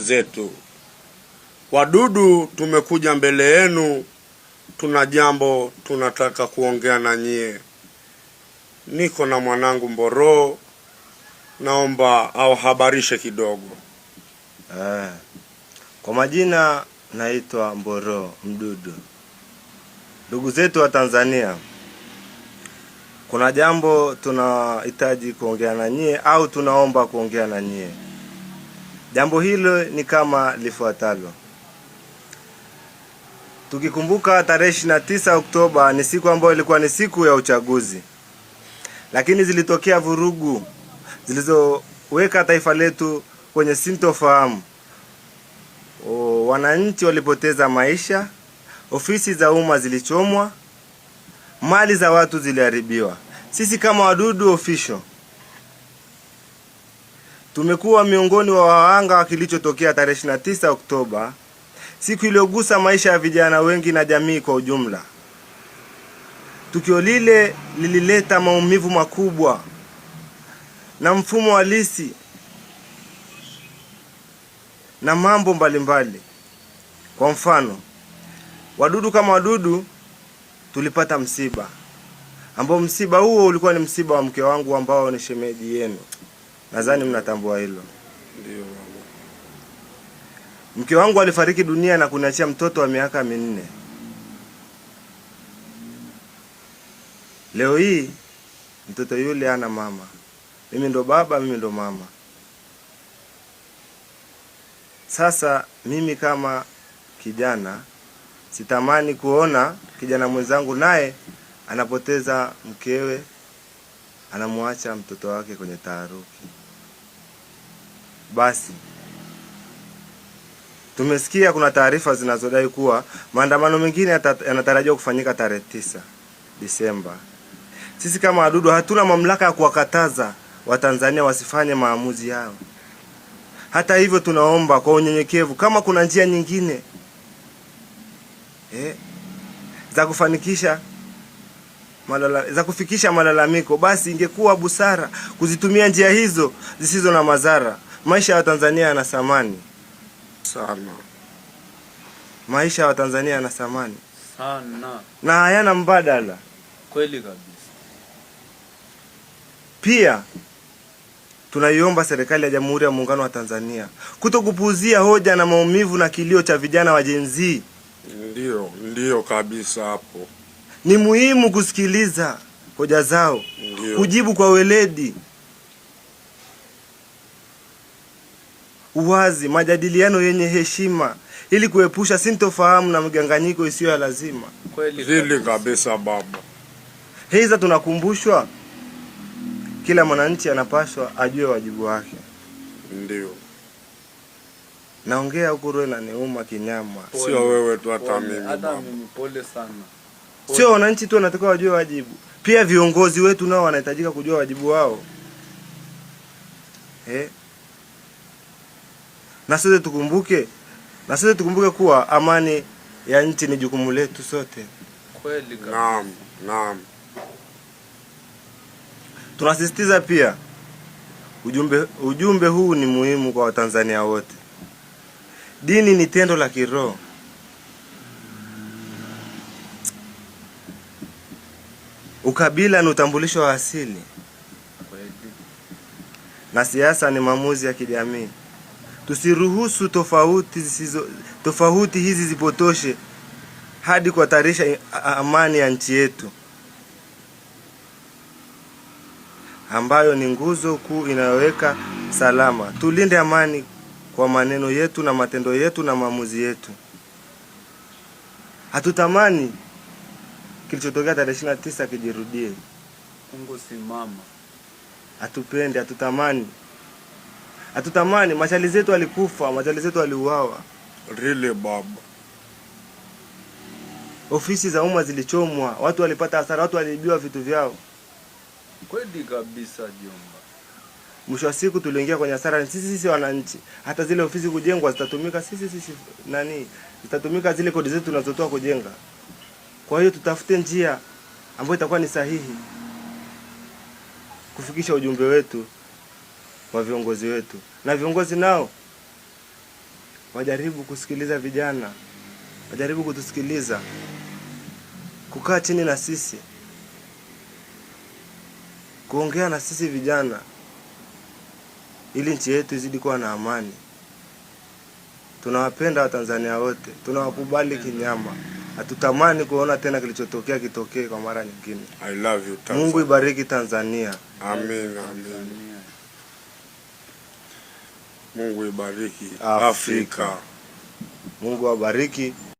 zetu wadudu, tumekuja mbele yenu, tuna jambo tunataka kuongea na nyie. Niko na mwanangu Mboro, naomba awahabarishe kidogo. Eh, kwa majina naitwa Mboro Mdudu. Ndugu zetu wa Tanzania, kuna jambo tunahitaji kuongea na nyie au tunaomba kuongea na nyie. Jambo hilo ni kama lifuatalo. Tukikumbuka tarehe 29 na tisa Oktoba ni siku ambayo ilikuwa ni siku ya uchaguzi, lakini zilitokea vurugu zilizoweka taifa letu kwenye sintofahamu. Wananchi walipoteza maisha, ofisi za umma zilichomwa, mali za watu ziliharibiwa. Sisi kama wadudu official Tumekuwa miongoni wa wahanga wa kilichotokea tarehe 29 Oktoba, siku iliyogusa maisha ya vijana wengi na jamii kwa ujumla. Tukio lile lilileta maumivu makubwa na mfumo halisi na mambo mbalimbali mbali. Kwa mfano, wadudu kama wadudu tulipata msiba ambao msiba huo ulikuwa ni msiba wa mke wangu ambao ni shemeji yenu. Nadhani mnatambua hilo. Ndio. Mke wangu alifariki dunia na kuniachia mtoto wa miaka minne. Leo hii mtoto yule ana mama, mimi ndo baba, mimi ndo mama. Sasa mimi kama kijana sitamani kuona kijana mwenzangu naye anapoteza mkewe, anamwacha mtoto wake kwenye taharuki basi. Tumesikia kuna taarifa zinazodai kuwa maandamano mengine yanatarajiwa kufanyika tarehe tisa Disemba. Sisi kama wadudu hatuna mamlaka ya kuwakataza Watanzania wasifanye maamuzi yao. Hata hivyo, tunaomba kwa unyenyekevu kama kuna njia nyingine eh, za kufanikisha malala, za kufikisha malalamiko basi ingekuwa busara kuzitumia njia hizo zisizo na madhara. Maisha ya Watanzania yana thamani sana. Maisha ya Watanzania yana thamani sana na hayana mbadala. Kweli kabisa. Pia tunaiomba serikali ya Jamhuri ya Muungano wa Tanzania kutokupuuzia hoja na maumivu na kilio cha vijana wa Gen Z. Ndio, ndio kabisa hapo. Ni muhimu kusikiliza hoja zao, kujibu kwa weledi. uwazi, majadiliano yenye heshima ili kuepusha sintofahamu na mganganyiko isiyo ya lazima. Kweli kabisa baba. Hiza tunakumbushwa kila mwananchi anapaswa ajue wajibu wake. Ndio. Naongea huku roho neuma kinyama. Sio wewe tu, hata mimi. Hata mimi, pole sana. Sio wananchi tu wanatakiwa wajue wajibu, pia viongozi wetu nao wanahitajika kujua wajibu wao eh na sisi tukumbuke, na sisi tukumbuke kuwa amani ya nchi ni jukumu letu sote. Kweli kabisa. Naam, naam. Tunasisitiza pia ujumbe, ujumbe huu ni muhimu kwa Watanzania wote. Dini ni tendo la kiroho Ukabila ni utambulisho wa asili, na siasa ni maamuzi ya kijamii. Tusiruhusu tofauti zisizo tofauti hizi zipotoshe hadi kuhatarisha amani ya nchi yetu ambayo ni nguzo kuu inayoweka salama. Tulinde amani kwa maneno yetu na matendo yetu na maamuzi yetu. Hatutamani kilichotokea tarehe ishirini tisa kijirudie. Mungu simama. Hatupende, hatutamani. Hatutamani mashali zetu alikufa, mashali zetu aliuawa. Really baba, ofisi za umma zilichomwa, watu walipata hasara, watu waliibiwa vitu vyao. Kweli kabisa jomba. Mwisho wa siku tuliingia kwenye hasara sisi sisi wananchi. Hata zile ofisi kujengwa zitatumika sisi sisi nani? Zitatumika zile kodi zetu tunazotoa kujenga. Kwa hiyo tutafute njia ambayo itakuwa ni sahihi kufikisha ujumbe wetu wa viongozi wetu, na viongozi nao wajaribu kusikiliza vijana, wajaribu kutusikiliza, kukaa chini na sisi, kuongea na sisi vijana, ili nchi yetu izidi kuwa na amani. Tunawapenda Watanzania wote, tunawakubali kinyama, hatutamani kuona tena kilichotokea kitokee kwa mara nyingine. I love you Tanzania. Mungu ibariki Tanzania. Amen, amen. Mungu ibariki Afrika, Afrika. Mungu awabariki.